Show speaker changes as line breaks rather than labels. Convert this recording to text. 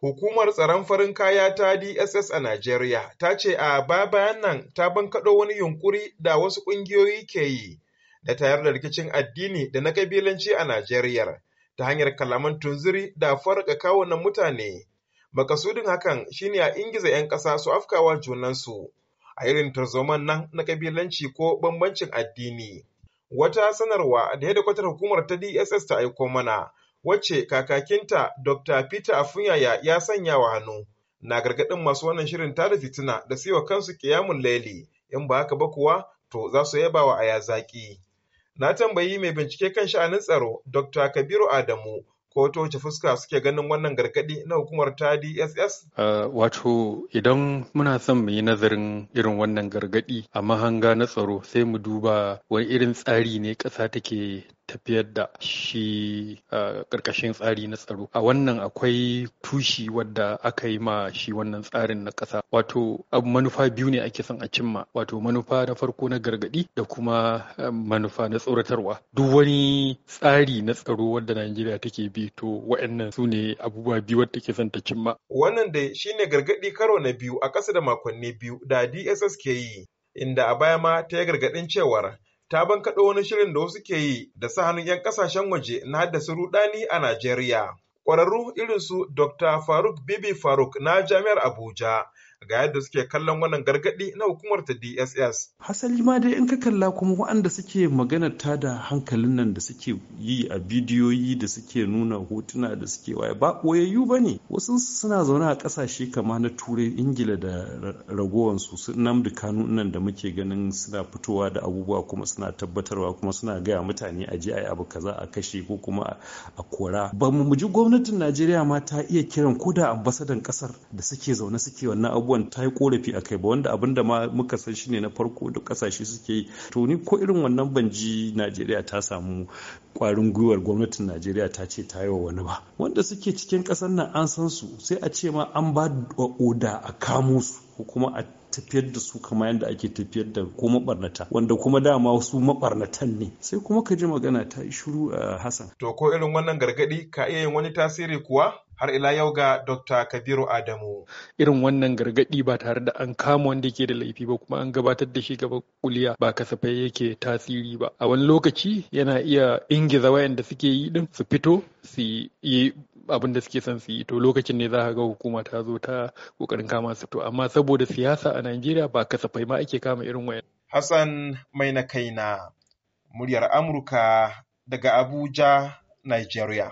Hukumar tsaron farin kaya ta DSS a Najeriya ta ce a baya-bayan nan ta bankaɗo wani yunkuri da wasu ƙungiyoyi ke yi da tayar da rikicin addini da na kabilanci a Najeriya ta hanyar kalaman tunziri da farka kawunan mutane. Makasudin hakan shine a ingiza 'yan ƙasa su afkawa junansu a irin tarzoman nan na kabilanci ko bambancin addini. Wata sanarwa da hedikwatar hukumar ta DSS ta aiko mana wacce kakakinta Dr. Peter Afunyaya ya sanya wa hannu, na gargaɗin masu wannan shirin tada fitina da siwa kansu kiyamun laili, in ba haka ba kuwa to za su yaba wa aya zaƙi. Na tambayi mai bincike kan sha'anin tsaro Dr. Kabiru Adamu ko ta wace fuska suke ganin wannan gargaɗi na hukumar ta DSS?
wato idan muna son mu yi nazarin irin wannan gargaɗi a mahanga na tsaro sai mu duba wani irin tsari ne ƙasa take tafiyar da shi ƙarƙashin tsari na tsaro a wannan akwai tushi wadda aka yi ma shi wannan tsarin na ƙasa wato abu manufa biyu ne ake son a cimma wato manufa na farko na gargaɗi da kuma manufa na tsoratarwa duk wani tsari na tsaro wadda najeriya take bi to wa'annan su ne abubuwa biyu wadda ke son ta cimma
wannan dai ne gargaɗi karo na biyu a ƙasa da makonni biyu da dss ke yi inda a baya ma ta yi gargaɗin cewar ta bankaɗo wani shirin da wasu ke yi da sa hannun 'yan kasashen waje na haddasa rudani a Najeriya. Ƙwararru irin su Dr. Faruk Bibi Faruk na Jami'ar Abuja ga yadda suke kallon wannan gargaɗi na hukumar ta DSS.
Hasali ma dai in ka kalla kuma waɗanda suke magana ta da hankalin nan da suke yi a bidiyoyi da suke nuna hotuna da suke waye ba ɓoyayyu ba ne wasu suna zaune a ƙasashe kama na turai ingila da ragowansu su namdi kanu nan da muke ganin suna fitowa da abubuwa kuma suna tabbatarwa kuma suna gaya mutane a ji a abu kaza a kashe ko kuma a kora ba mu ji gwamnatin najeriya ma ta iya kiran ko da ambasadan ƙasar da suke zaune suke wannan abu abubuwan ta yi korafi a kai ba wanda abin da muka san shi ne na farko da kasashe suke yi to ni ko irin wannan banji, ji najeriya ta samu kwarin gwiwar gwamnatin najeriya ta ce ta yi wa wani ba wanda suke cikin ƙasar nan an san su sai a ce ma an ba oda a kamo su ko kuma a tafiyar da su kama yadda ake tafiyar da ko mabarnata wanda kuma dama su mabarnatan ne sai kuma ka ji magana ta
shiru a uh, Hassan.
To ko irin wannan gargadi ka iya yin wani tasiri kuwa? har ila yau ga Dr. Kabiru Adamu.
Irin wannan gargadi ba tare da an kama wanda ke da laifi ba kuma an gabatar da shi gaba kuliya ba kasafai yake tasiri ba. A wani lokaci yana iya ingiza wayanda suke yi din su fito su yi abin da suke son su yi to lokacin ne za ka ga hukuma ta zo ta kokarin kama su to amma saboda siyasa a Najeriya ba kasafai ma ake
kama irin wayan Hassan mai na kaina muryar Amurka daga Abuja Nigeria